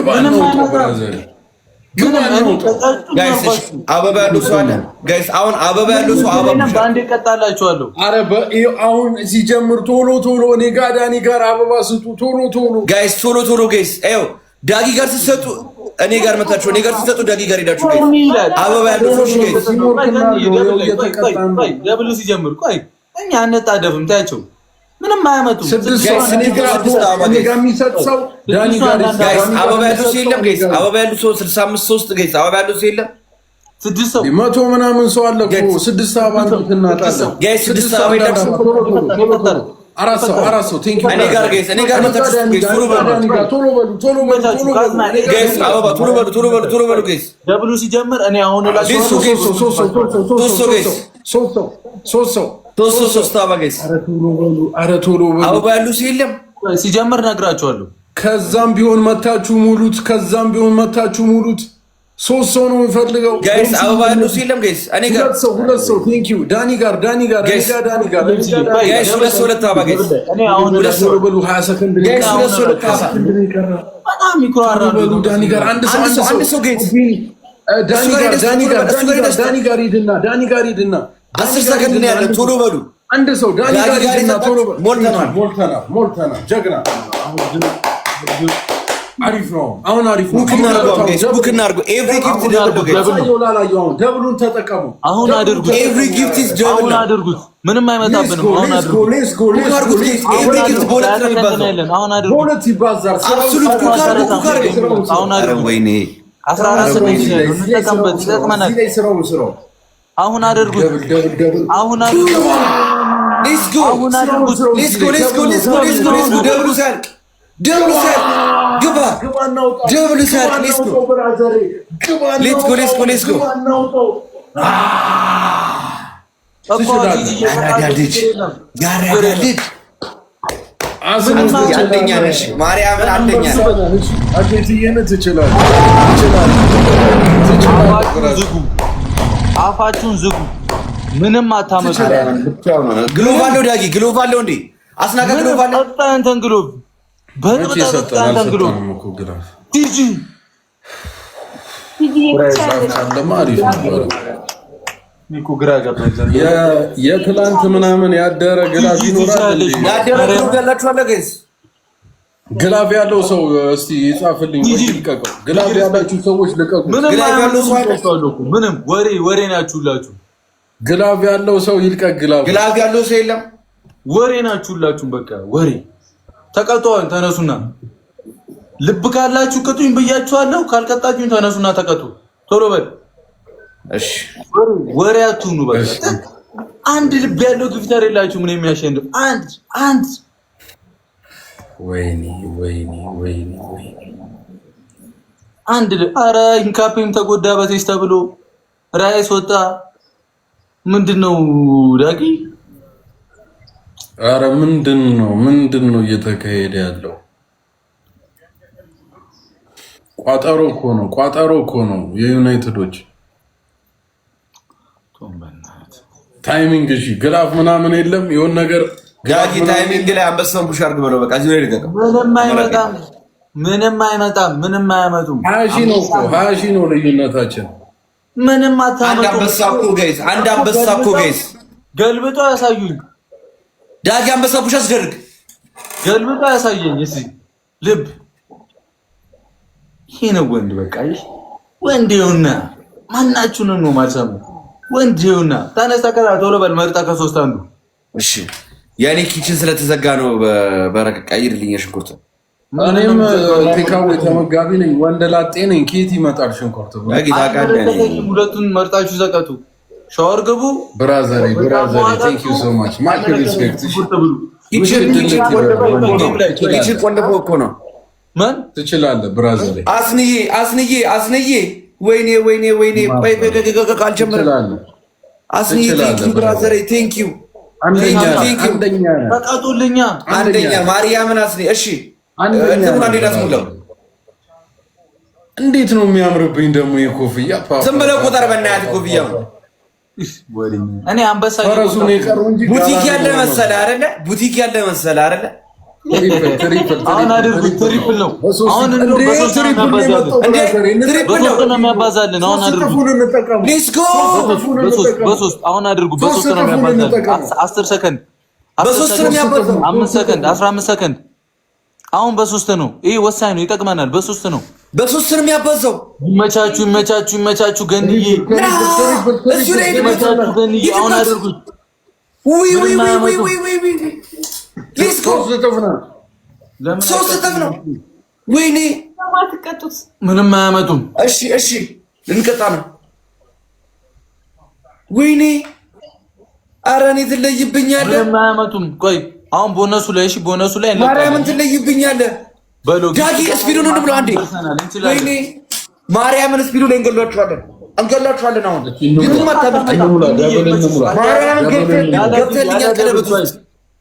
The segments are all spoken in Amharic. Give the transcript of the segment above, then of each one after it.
አበባ ያለው ሰው አለ ጋይስ። አሁን አበባ ያለው ሰው አበባ በአንድ እቀጣላችኋለሁ። አረ አሁን ሲጀምር ቶሎ ቶሎ እኔ ጋ ዳኒ ጋር አበባ ስጡ። ቶሎ ቶሎ ጋይስ፣ ቶሎ ቶሎ ጋይስ። ይኸው ዳጊ ጋር ስትሰጡ እኔ ጋር መታችሁ፣ እኔ ጋር ስትሰጡ ዳጊ ጋር ሄዳችሁ አበባ ያለው ሰው ጋይስ፣ ሲጀምር ቆይ እኛ አንጣደፍም ታያቸው ምንም አያመጡም። አበባ ያለው ሰው አበባ ሶስት ምናምን ሰው ሰው ሶስት ሶስት አባገስ ኧረ ቶሎ በሉ አበባ ያሉት የለም ሲጀምር ነግራችኋለሁ። ከዛም ቢሆን መታችሁ ሙሉት። ከዛም ቢሆን መታችሁ ሙሉት። ሶስት ሰው ነው የምፈልገው ጋይስ። አበባ ያሉት የለም ጋይስ። እኔ ጋር ሁለት ሰው ሁለት ሰው ቴንክ ዩ ዳኒ ጋር ዳኒ ጋር ጋይስ፣ ዳኒ ጋር ጋይስ፣ ሁለት ሰው ሁለት አበባ ጋይስ። እኔ ሁለት ሰው በሉ 20 ሰከንድ ጋይስ፣ ሁለት ሰው ሁለት አበባ በጣም ይኮራራ በሉ ዳኒ ጋር አንድ ሰው አንድ ሰው ጋይስ፣ ዳኒ ጋር ዳኒ ጋር ዳኒ ጋር ሂድና ዳኒ ጋር ሂድና አስር ሰከንድ ነው ያለ። ቶሎ በሉ አንድ ሰው ቶሎ በሉ። ጀግና አሪፍ ነው። አሁን አሪፍ ነው። ቡክና አርጎ ቡክና አርጎ ኤቭሪ ጊፍት ደብሉን ተጠቀሙ። አሁን አድርጉት። ኤቭሪ ጊፍት ኢዝ አሁን አድርጉት። ምንም አይመጣብንም። አሁን አድርጉት። ሌትስ ጎ ሌትስ ጎ ሌትስ ጎ። ኤቭሪ ጊፍት አሁን አድርጉት። አብሶሉት አርጎ አርጎ። አሁን አድርጉት። ወይኔ ነው። ስራው ስራው አሁን አድርጉት። አሁን አድርጉት። አሁን አድርጉት። ደብሉ ሲያልቅ ደብሉ ሲያልቅ ግባ። ደብሉ ሲያልቅ ሌትስ ጎ ሌትስ ጎ ሌትስ ጎ አንደኛ ነሽ ማርያምን፣ አንደኛ ነሽ አፋችሁን ዝጉ። ምንም አታመጡ። ግሎቭ አለው ዳጊ፣ ግሎቭ አለው እንዴ! አስናቀ ግሎቭ አለው። አንተን ግሎቭ የትላንት ምናምን ያደረ ግላት ይኖራል። ያደረ ግሎቭ ያላችሁ አለ ገይዝ ግላፍ ያለው ሰው እስቲ ይጻፍልኝ ወይ ይልቀቀው። ግላፍ ያላችሁ ሰዎች ልቀቁ። ምንም ወሬ ወሬ ናችሁላችሁ። ግላፍ ያለው ሰው ይልቀቅ። ግላፍ ግላፍ ያለው ሰው የለም። ወሬ ናችሁላችሁ። በቃ ወሬ ተቀጧል። ተነሱና ልብ ካላችሁ ቅጡኝ ብያችኋለሁ። ካልቀጣችሁኝ ተነሱና ተቀጡ። ቶሎ በል እሺ። ወሬ አትሁኑ። በቃ አንድ ልብ ያለው ግፊት የላችሁም። ምን የሚያሸንፍ አንድ አንድ ወይኔ ወይኔ ወይኔ ወይኔ አንድ አረ ኢንካፔም ተጎዳ በቴስ ተብሎ ራይስ ወጣ። ምንድን ነው ዳጊ? አረ ምንድን ነው ምንድን ነው እየተካሄደ ያለው? ቋጠሮ እኮ ነው ቋጠሮ እኮ ነው የዩናይትዶች ታይሚንግ። እሺ ግላፍ ምናምን የለም ይሆን ነገር ጋጂ ታይሚንግ ላይ አንበሳውን ቡሽ አድርግ ብለው በቃ እዚሁ ላይ ምንም አይመጣም፣ ምንም አይመጣም፣ ምንም አያመጡም። ሀያ ነው እኮ ሀያ ነው ልዩነታችን። ምንም አታመጡ። አንድ አንበሳ እኮ ጋይስ፣ አንድ አንበሳ እኮ ጋይስ፣ ገልብጦ ያሳዩኝ። ዳጊ አንበሳ ቡሽ አስደርግ፣ ገልብጦ ያሳየኝ። እሺ ልብ ይሄ ነው ወንድ። በቃ ይሄ ወንድ ይሁና። ማናችሁን ነው ማልሰሙ? ወንድ ይሁና። ተነስተህ ከዛ ቶሎ በል መርጠህ ከሶስት አንዱ እሺ የእኔ ኪችን ስለተዘጋ ነው። በረከት ቀይርልኝ ሽንኩርት። እኔም ቴካዌ ተመጋቢ ነኝ፣ ወንደ ላጤ ነኝ። ኬት ይመጣል ሽንኩርት። ሁለቱን መርጣችሁ ዘቀቱ፣ ሻወር ግቡ። ብራዘሬ ብራዘሬ፣ ቴንክ ዩ ሶ ማች ማች ሪስፔክት። ኪችን ቆንደፎ እኮ ነው። ምን ትችላለህ ብራዘሬ? አስንዬ አስንዬ አስንዬ፣ ወይኔ ወይኔ ወይኔ፣ አልጀምርም። አስንዬ ብራዘሬ፣ ቴንክ ዩ አንደኛ አንደኛ ማርያምን አስኔ እሺ፣ እንትኑን አንዴ ላስሙላው። እንዴት ነው የሚያምርብኝ ደግሞ የኮፍያ ዝም ብለህ ቁጠር። በእናትህ ኮፍያ እኔ አንበሳ ቡቲክ ያለ መሰለህ አይደለ? ቡቲክ ያለ መሰለህ አይደለ? አሁን አድርጉ። ትሪፕል ነው የሚያባዛልን። አሁን አድርጉ። በሶስት አሁን አድርጉ። በሶስት ነው የሚያባዛልን። አስር ሰከንድ፣ አምስት ሰከንድ፣ አስራ አምስት ሰከንድ። አሁን በሶስት ነው። ይህ ወሳኝ ነው፣ ይጠቅመናል። በሶስት ነው በሶስት ነው የሚያባዛው። ይመቻችሁ፣ ይመቻችሁ፣ ይመቻችሁ። ገንዬ እሱ ገንዬ አሁን አድርጉት ሌስኮ ሶስት እጥፍ ነው። ወይኔ ምንም አያመጡም። እሺ እሺ ልንቀጣ ነው። ወይኔ ኧረ እኔ ትለይብኛለህ። ምንም አያመጡም። ቆይ አሁን ቦነሱ ላይ እሺ፣ ቦነሱ ላይ ማርያምን ትለይብኛለህ። ዳጊ ስፒዱን ወንድም አንዴ ወይኔ ማርያምን ስፒዱ ላይ እንገሏቸዋለን እንገሏቸዋለን። አሁን ምንም አታመጣ ማርያምን ገብተልኛል ቀለበቱ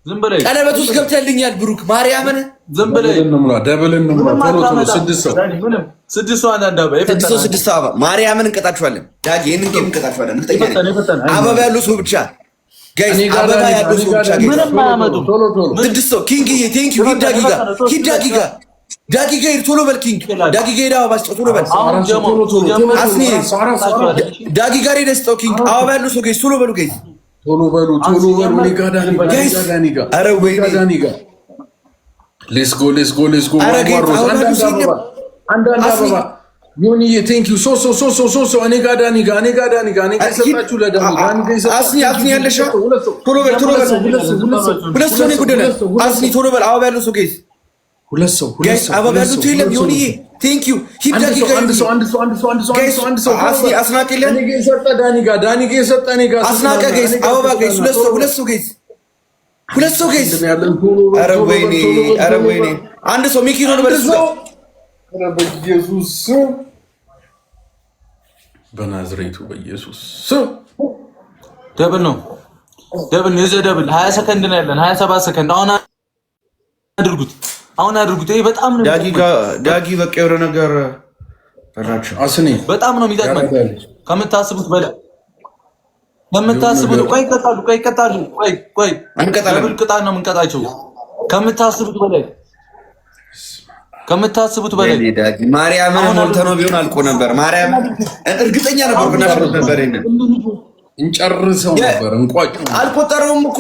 ዝም ቀለበት ውስጥ ገብተልኛል ብሩክ ማርያምን ዝም ብለህ ደብልን ስድስት ሰው ስድስት አበባ ማርያምን እንቀጣችኋለን። ዳጊ ይህንን ጌም እንቀጣችኋለን። አበባ ያለው ሰው ብቻ አበባ ያለው ሰው ብቻ ስድስት ሰው ኪንግ ቴንክ ሂድ ዳጊ ጋር ሂድ ዳጊ ጋር ዳጊ ጋር ሂድ ቶሎ በል ኪንግ ዳጊ ጋር ሄደህ አበባ ስጠው ቶሎ በል አስኒ ዳጊ ጋር ሄደህ ስጠው ኪንግ አበባ ያለው ሰው ቶሎ በሉ ቶሎ በሉ ቶሎ በሉ። ሌስጎ ሌስጎ ሌስጎ ዮኒዬ ቴንክ ዩ ሶ ሶ ሶ ሶ ሶ እኔ ጋር ዳኒ ጋር እኔ ጋር ዳኒ ጋር እኔ ጋር የሰጣችሁ ለዳኒ ዳኒ ጋር የሰጣችሁ አስኒ ያለሽ ሁለት ሰው ቶሎ በል ቶሎ በል ሁለት ሰው ነው የጎደለ አስኒ ቶሎ በል አበባ ያለው ሰው ጌዝ ሁለት ሰው ሁለት ሰው አበባ ያለው የለም ዮኒዬ ቴንክ ዩ ሂድ። ደቂቃ አንድ ሰው አንድ ሰው አንድ ሰው አንድ ሚኪ ነው በኢየሱስ በናዝሬቱ በኢየሱስ ደብል ነው ደብል ነው የዘ ደብል 20 ሰከንድ ነው ያለን 27 ሰከንድ አሁን አድርጉት። አሁን አድርጉት። ይሄ በጣም ነው ዳጊ በቃ የሆነ ነገር በላችሁ አስኔ በጣም ነው የሚጠቅመን ከምታስቡት በላይ ከምታስቡት ቆይ ይቀጣሉ ቆይ ይቀጣሉ ቆይ ቆይ አንቀጣለን ቅጣት ነው የምንቀጣቸው ከምታስቡት በላይ ከምታስቡት በላይ ማርያምን ሞልተ ነው ቢሆን አልቆ ነበር። ማርያም እርግጠኛ ነበር ብናሸንፍ ነበር። ይሄንን እንጨርሰው ነበር። እንቋጭ አልቆጠረውም እኮ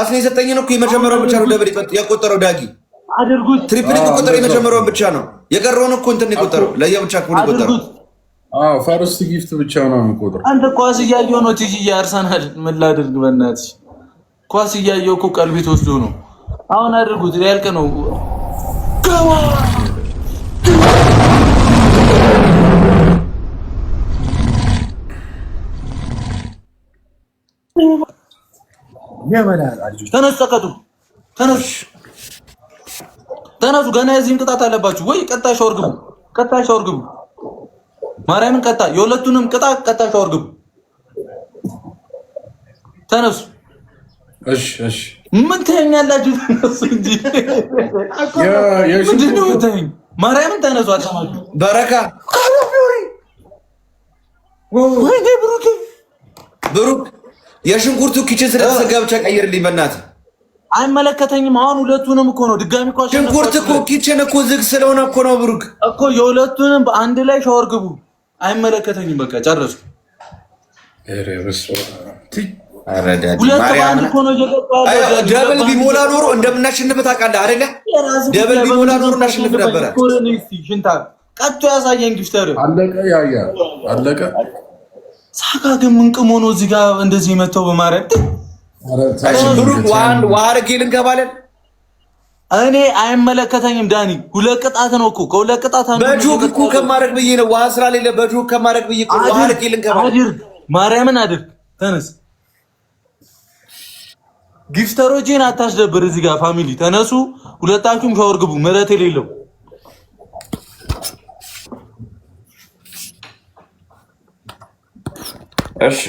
አስኔ የሰጠኝን እኮ የመጀመሪያው ብቻ ነው ደብል የቆጠረው ዳጊ አድርጉት። ትሪፕል ቁጥር የመጀመሪያውን ብቻ ነው የቀረውን እኮ እንትን የቆጠረው ለየ ብቻ የቆጠረው ፈርስት ጊፍት ብቻ ነው የሚቆጥረው። አንተ ኳስ እያየሁ ነው ቲጂ ያርሰናል። ምን ላድርግ በእናትሽ ኳስ እያየሁ እኮ ቀልቤት ወስዶ ነው። አሁን አድርጉት ሊያልቅ ነው። ተነስ ተቀጡ ተነሽ ተነሱ። ገና የዚህም ቅጣት አለባችሁ ወይ? ቀጣይ ሻወር ግቡ፣ ቀጣይ ሻወር ግቡ። ማርያምን ቀጣ፣ የሁለቱንም ቅጣ፣ ቀጣይ ሻወር ግቡ። ተነሱ። እሺ፣ እሺ። ምን ትኛላችሁ? ተነሱ እንጂ ምንድን ነው የምትይኝ? ማርያምን ተነሱ። አልሰማችሁ በረካ ወይ ብሩክ፣ ብሩክ የሽንኩርቱ ኪችን ስለተዘጋ ብቻ ቀይርልኝ በእናትህ አይመለከተኝም። አሁን ሁለቱንም እኮ ነው ድጋሚ እኮ ሽንኩርት እኮ ኪችን እኮ ዝግ ስለሆነ እኮ ነው ብሩክ እኮ የሁለቱንም በአንድ ላይ ሻወር ግቡ። አይመለከተኝም። በቃ ጨረስኩ። ደብል ቢሞላ ኖሮ እንደምናሸንፍ ታውቃለህ አይደለ? ደብል ቢሞላ ኖሮ እናሸንፍ ነበረ። ሽንታ ቀጥቶ ያሳየን ግፍተር አለቀ። ያያ አለቀ። ሳካ ግን ምንቅሞ ነው እዚህ ጋር እንደዚህ መተው በማርያም ውሃ ልንገባለን። እኔ አይመለከተኝም ዳኒ። ሁለት ቅጣት ነው እኮ ከሁለት ቅጣት አንዱ በጆክ እኮ ከማድረግ ብዬ ነው። ውሃ ሌለ በጆክ ከማድረግ ብዬ እኮ ውሃ አድርጌ ልንገባለን። ማርያምን አድርግ፣ ተነስ። ጊፍተሮቼን አታስደብር። እዚህ ጋር ፋሚሊ ተነሱ፣ ሁለታችሁም ሻወር ግቡ። ምሕረት የሌለው እሺ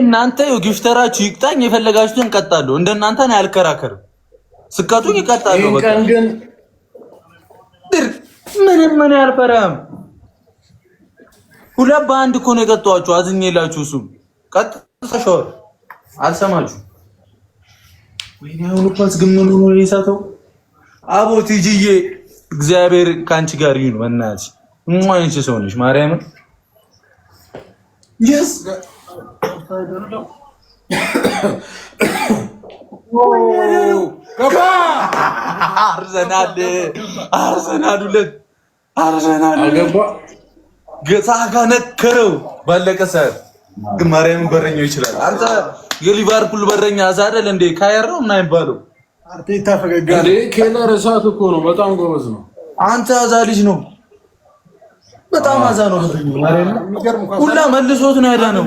እናንተ ግፍተራችሁ ይቅጣኝ፣ የፈለጋችሁትን እቀጣለሁ። እንደናንተ ነው ያልከራከርም። ስቀጡኝ እቀጣለሁ። በቃ ግን ምንም ምን ያልፈራም። ሁለት በአንድ እኮ ነው የቀጣኋችሁ። አዝኜላችሁ እሱ ቀጥ አልሰማችሁ። ወይኔ አሁን ኳስ ግን ምን ሆኖ የሳተው አቦ ቲጂዬ፣ እግዚአብሔር ከአንቺ ጋር ይሁን። በእናትሽ እንኳን ሰው ነሽ ማርያምን አርሰናል አርሰናል ሁለት አርሰናል ሳካ ነከረው። ባለቀ ሰዓት ማርያምን በረኛው ይችላል። አንተ የሊቨርፑል በረኛ እንዴ? ካየር ነው እና ይባለው አርቴታ ፈገግ ኬለር እሳት እኮ ነው። በጣም ጎበዝ ነው። አንተ ልጅ ነው በጣም አዛ ነው። ሁላ መልሶት ነው ያዳ ነው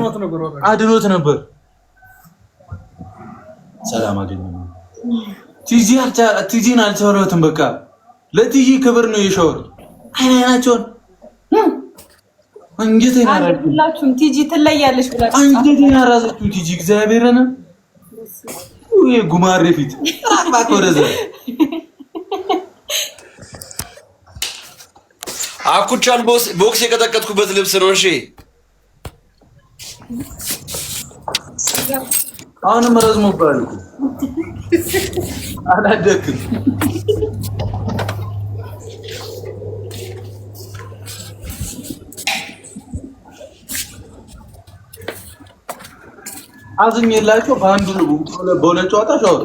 አድኖት ነበር። ሰላም አገኘ። ቲጂን አልቻለሁትም። በቃ ለቲጂ ክብር ነው የሸወር አይናቸውን አንጀት አራዘችው። ቲጂ ትለያለሽ ብላችሁ አንጀት አራዘችው። ቲጂ እግዚአብሔርን ጉማሬ ፊት ወደዛ አኩቻን ቦክስ የቀጠቀጥኩበት ልብስ ነው። እሺ አሁንም ረዝሞብሃል እኮ አላደግም። አዝኝላቸው የላቸው በአንዱ በሁለት ጨዋታ ሻወር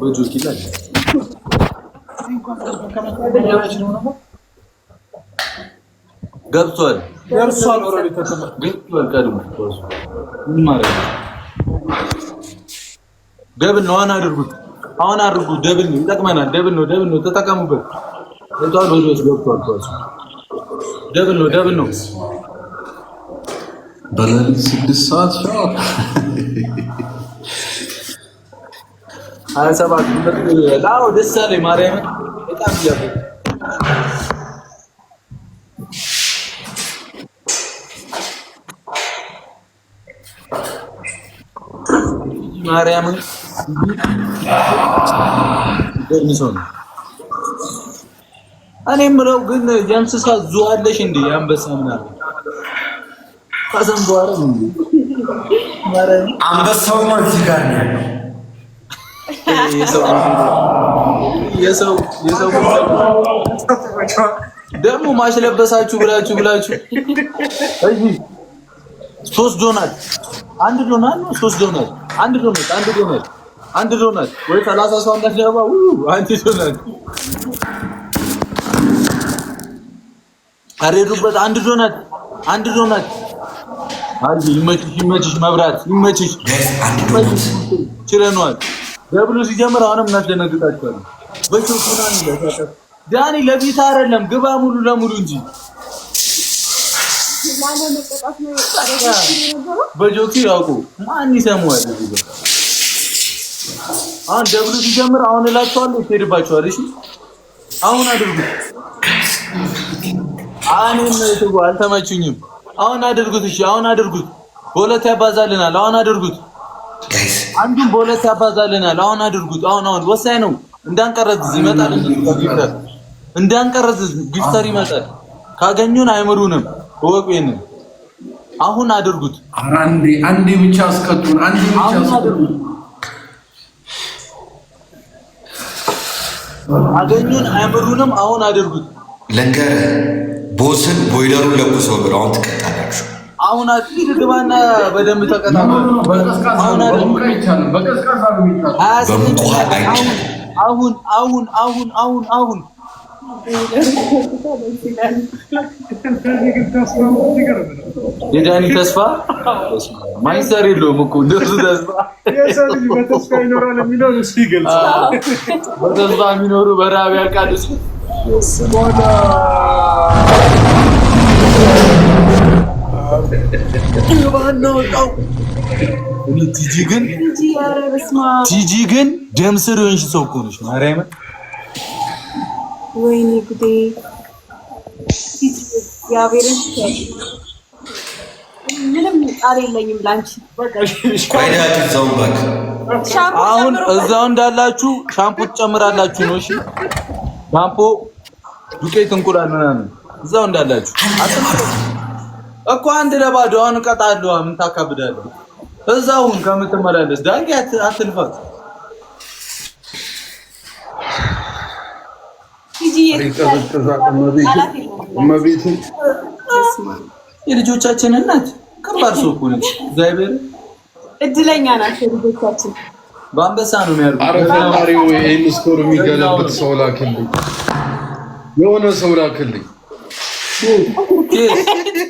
በጆኪ ላይ ገብቷል ገብቷል ገብቷል። ቀድሞ ምን ማለት ነው? ደብል ነው። አሁን አድርጉት፣ አሁን አድርጉ። ደብል ነው፣ ይጠቅመናል። ደብል ነው፣ ደብል ነው። ተጠቀሙበት። ገብቷል፣ ወዲህ ገብቷል። ደብል ነው፣ ደብል ነው። በሌሊት ስድስት ሰዓት ሀያ ሰባት ደስ አለኝ ማርያምን በጣም ያው ማርያምን ደርሚሶን እኔ የምለው ግን የእንስሳ ዙ አለሽ እንዴ? አንበሳ ምናምን ከዛም በኋላ እንዴ አንበሳው ነው እዚህ ነው ያለው የሰው የሰው ደግሞ ለበሳችሁ ብላችሁ ብላችሁ እዚህ ሶስት ዶናት አንድ ዶናት ነው። ሶስት ዶናት አንድ ዶናት አንድ ዶናት አንድ ዶናት ወይ ሰላሳ ሰው እንዳትገባ አንድ ዶናት አሬዱበት አንድ ዶናት አንድ ዶናት አንድ ይመችሽ፣ ይመችሽ፣ መብራት ይመችሽ። ችለነዋል ደብሉ ሲጀምር አሁንም እናስደነግጣችኋለን። በሾፉና ዳኒ ለቢት አይደለም ግባ ሙሉ ለሙሉ እንጂ በጆኪ ያውቁ ማን ይሰማዋል? አሁን ደብሉ ሲጀምር አሁን እላቸዋለሁ ትሄድባቸዋል። እሺ አሁን አድርጉት። እኔም ትጉ አልተመችኝም። አሁን አድርጉት። እሺ አሁን አድርጉት። በሁለት ያባዛልናል። አሁን አድርጉት። አንዱም በሁለት ያባዛልናል። አሁን አድርጉት። አሁን አሁን ወሳኝ ነው። እንዳንቀረዝ ይመጣል እንዳንቀረዝ ጊፍተር ይመጣል። ካገኙን አይምሩንም። እወቁን። አሁን አድርጉት። አንዴ አንዴ ብቻ አስቀጡን። አንዴ ብቻ አገኙን አይምሩንም። አሁን አድርጉት። ለንገር ቦስን ቦይለሩን ለኩሶ ብለው አሁን ትቀጣላችሁ። አሁን አጥቂት ግባና በደንብ ተቀጣ። አሁን አይቻልም። በቀዝቃዛ ነው የሚጣለው። በሙቀት አይቻልም። አሁን አሁን አሁን አሁን አሁን የዳኒ ተስፋ ማይሰር የለውም እኮ እንደሱ ተስፋ በተስፋ የሚኖሩ በረሃብ ያልቃል እሱ ባናወጣው ቲጂ ግን ቲጂ ግን ደም ስር የሆንሽ ሰው እኮ ነሽ። ማርያምን ወይኔ ጉዴ! አሁን እዛው እንዳላችሁ ሻምፖ ትጨምራላችሁ ነው። እሺ ሻምፖ፣ ዱቄት፣ እንቁላል ምናምን እዛው እንዳላችሁ እኮ አንድ ለባዶ አሁን እቀጣለሁ። ምን ታካብዳለሁ? እዛውን ከምትመላለስ ዳንጌ አትልፋት። የልጆቻችን እናት ከባድ ሰው እኮ ነች። እግዚአብሔር እድለኛ ናቸው ልጆቻችን። በአንበሳ ነው የሚያርጉት። ይህን ሰው ላክልኝ፣ የሆነ ሰው ላክልኝ